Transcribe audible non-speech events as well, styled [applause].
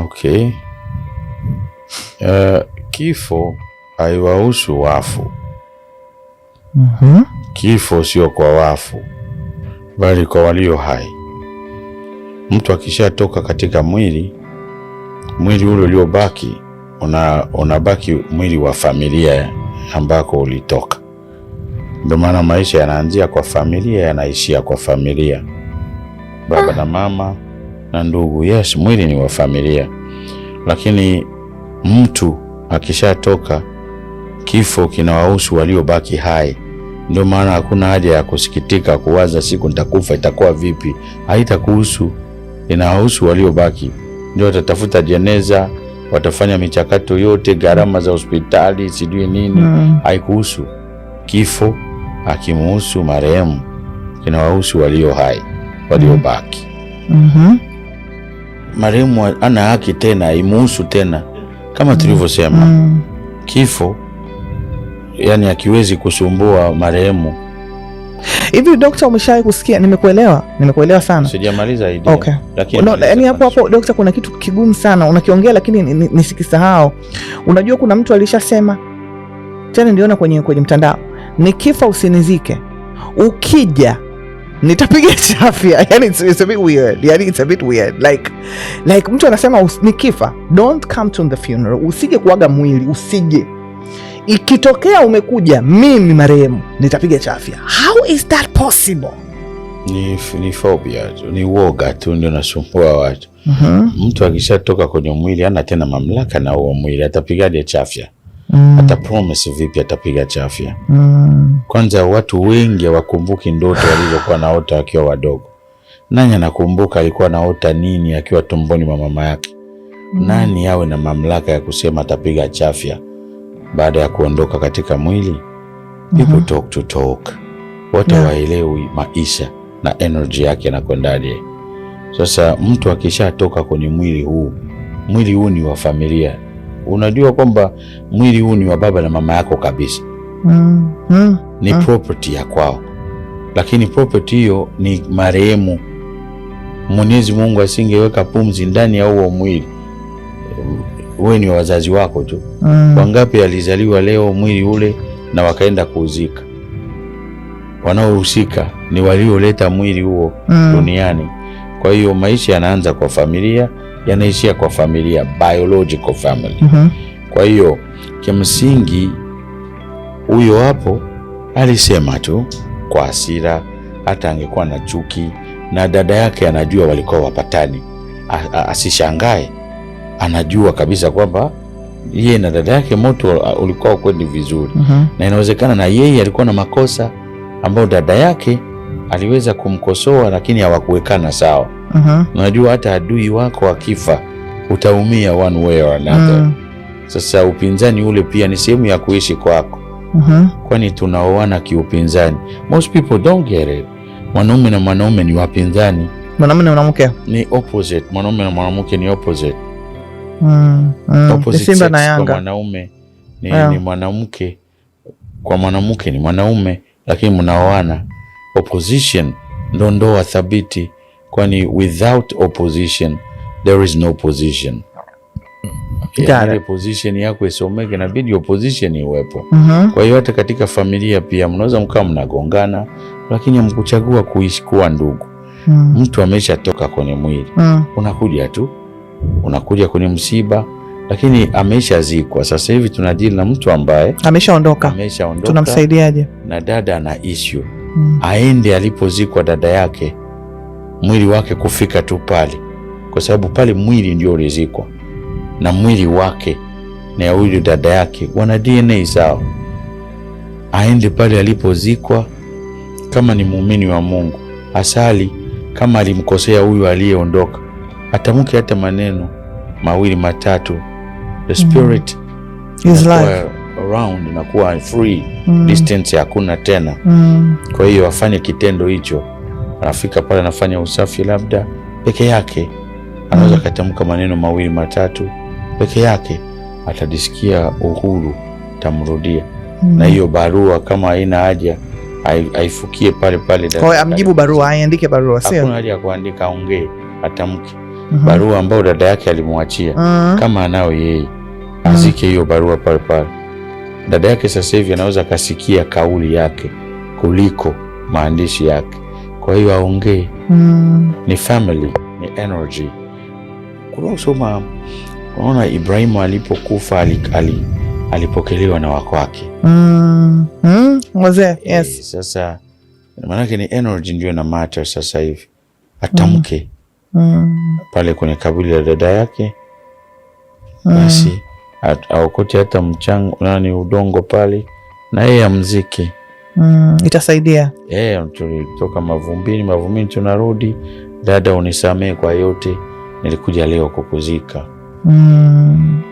Okay. Uh, kifo haiwahusu wafu. mm -hmm. Kifo sio kwa wafu, bali kwa walio hai. Mtu akishatoka katika mwili, mwili ule uliobaki una unabaki mwili wa familia ambako ulitoka. Ndio maana maisha yanaanzia kwa familia, yanaishia kwa familia, baba ah. na mama na ndugu. Yes, mwili ni wa familia, lakini mtu akishatoka kifo kinawahusu waliobaki hai. Ndio maana hakuna haja ya kusikitika, kuwaza siku nitakufa itakuwa vipi. Haitakuhusu, inawahusu waliobaki. Ndio watatafuta jeneza, watafanya michakato yote, gharama za hospitali, sijui nini. mm. Haikuhusu kifo, akimuhusu marehemu, kinawahusu walio hai, waliobaki. mm -hmm marehemu ana haki tena, imuhusu tena kama mm. tulivyosema. mm. Kifo yani akiwezi kusumbua marehemu. Hivi dokta, umeshawahi kusikia? Nimekuelewa, nimekuelewa sana, sijamaliza idea. Okay. No, yani hapo hapo dokta, kuna kitu kigumu sana unakiongea, lakini nisikisahau. Unajua, kuna mtu alishasema tena, niliona kwenye, kwenye mtandao, ni usinizike, ukija nitapiga [laughs] chafya. Yani it's, it's a bit weird. Yani it's a bit weird like, like mtu anasema nikifa, don't come to the funeral, usije kuaga mwili, usije ikitokea umekuja, mimi marehemu nitapiga chafya. How is that possible? Ni, ni phobia tu, ni woga tu ndio nasumbua watu. mm -hmm. Mtu akishatoka kwenye mwili hana tena mamlaka na huo mwili, atapigaje chafya? hata promise vipi atapiga chafya? mm. Kwanza watu wengi hawakumbuki ndoto walizokuwa naota wakiwa wadogo. Nani anakumbuka alikuwa naota nini akiwa tumboni mwa mama yake? mm. Nani awe na mamlaka ya kusema atapiga chafya baada ya kuondoka katika mwili? Mm-hmm. People mm -hmm. talk to talk, watu hawaelewi yeah. maisha na energy yake yanakwendaje. Sasa mtu akishatoka kwenye mwili huu, mwili huu ni wa familia unajua kwamba mwili huu ni wa baba na mama yako kabisa. mm. Mm. ni mm. property ya kwao, lakini property hiyo ni marehemu. Mwenyezi Mungu asingeweka pumzi ndani ya huo mwili, wewe ni wazazi wako tu. mm. Wangapi alizaliwa leo mwili ule na wakaenda kuuzika? Wanaohusika ni walioleta mwili huo mm. duniani. Kwa hiyo maisha yanaanza kwa familia, yanaishia kwa familia, biological family. mm -hmm. Kwa hiyo kimsingi, huyo hapo alisema tu kwa hasira, hata angekuwa na chuki na dada yake, anajua walikuwa wapatani, asishangae, anajua kabisa kwamba yeye na dada yake moto ulikuwa kweli vizuri. mm -hmm. na inawezekana na yeye alikuwa na makosa ambayo dada yake aliweza kumkosoa lakini hawakuwekana sawa. Uh-huh. Unajua, hata adui wako akifa utaumia one way or another. Uh mm. -huh. Sasa upinzani ule pia ni sehemu ya kuishi kwako. Uh -huh. Kwani tunaoana kiupinzani. Most people don't get it. Mwanaume na mwanaume ni wapinzani, mwanaume na mwanamke ni opposite, mwanaume na mwanamke ni opposite. mm, mm. Opposite Simba na Yanga. Mwanaume ni, yeah. ni mwanamke kwa mwanamke ni mwanaume, lakini mnaoana opposition ndo ndoa thabiti, kwani without opposition there is no position. Mm-hmm. Yaani ile position yako isomeke, inabidi opposition iwepo. Mm-hmm. Kwa hiyo hata katika familia pia mnaweza mkawa mnagongana, lakini mkuchagua kuishi kuwa ndugu. mm. Mtu ameshatoka kwenye mwili. mm. Unakuja tu unakuja kwenye msiba lakini ameshazikwa. Sasa hivi tunajili na mtu ambaye ameshaondoka, ameshaondoka, tunamsaidiaje? Na dada ana issue mm. aende alipozikwa dada yake, mwili wake kufika tu pale, kwa sababu pale mwili ndio ulizikwa, na mwili wake na huyu dada yake wana DNA zao. Aende pale alipozikwa, kama ni muumini wa Mungu asali, kama alimkosea huyu aliyeondoka, atamke hata maneno mawili matatu, the spirit mm. is life around inakuwa free mm. distance hakuna tena mm. kwa hiyo afanye kitendo hicho, anafika pale anafanya usafi labda peke yake, anaweza mm. akatamka maneno mawili matatu peke yake, atajisikia uhuru, tamrudia mm. na hiyo barua kama haina haja aifukie pale pale, amjibu barua, aiandike barua, sio hakuna haja ya kuandika, aongee, atamke mm -hmm. barua ambayo dada yake alimwachia mm kama anayo yeye mm. azike hiyo mm barua pale pale. Dada yake sasa hivi anaweza akasikia kauli yake kuliko maandishi yake, kwa hiyo aongee. mm. Ni family, ni energy. usoma, unaona, Ibrahimu alipokufa alipokelewa na wako wake mm. mm. wazee eh, yes. E, sasa maanake ni energy ndio na mata sasa hivi atamke mm. mm. pale kwenye kaburi la dada yake mm. basi mm aokote hata mchanga nani udongo pale na yeye amziki. Mm, itasaidia yeah, tulitoka mavumbini, mavumbini tunarudi, dada unisamee kwa yote, nilikuja leo kukuzika. Mm.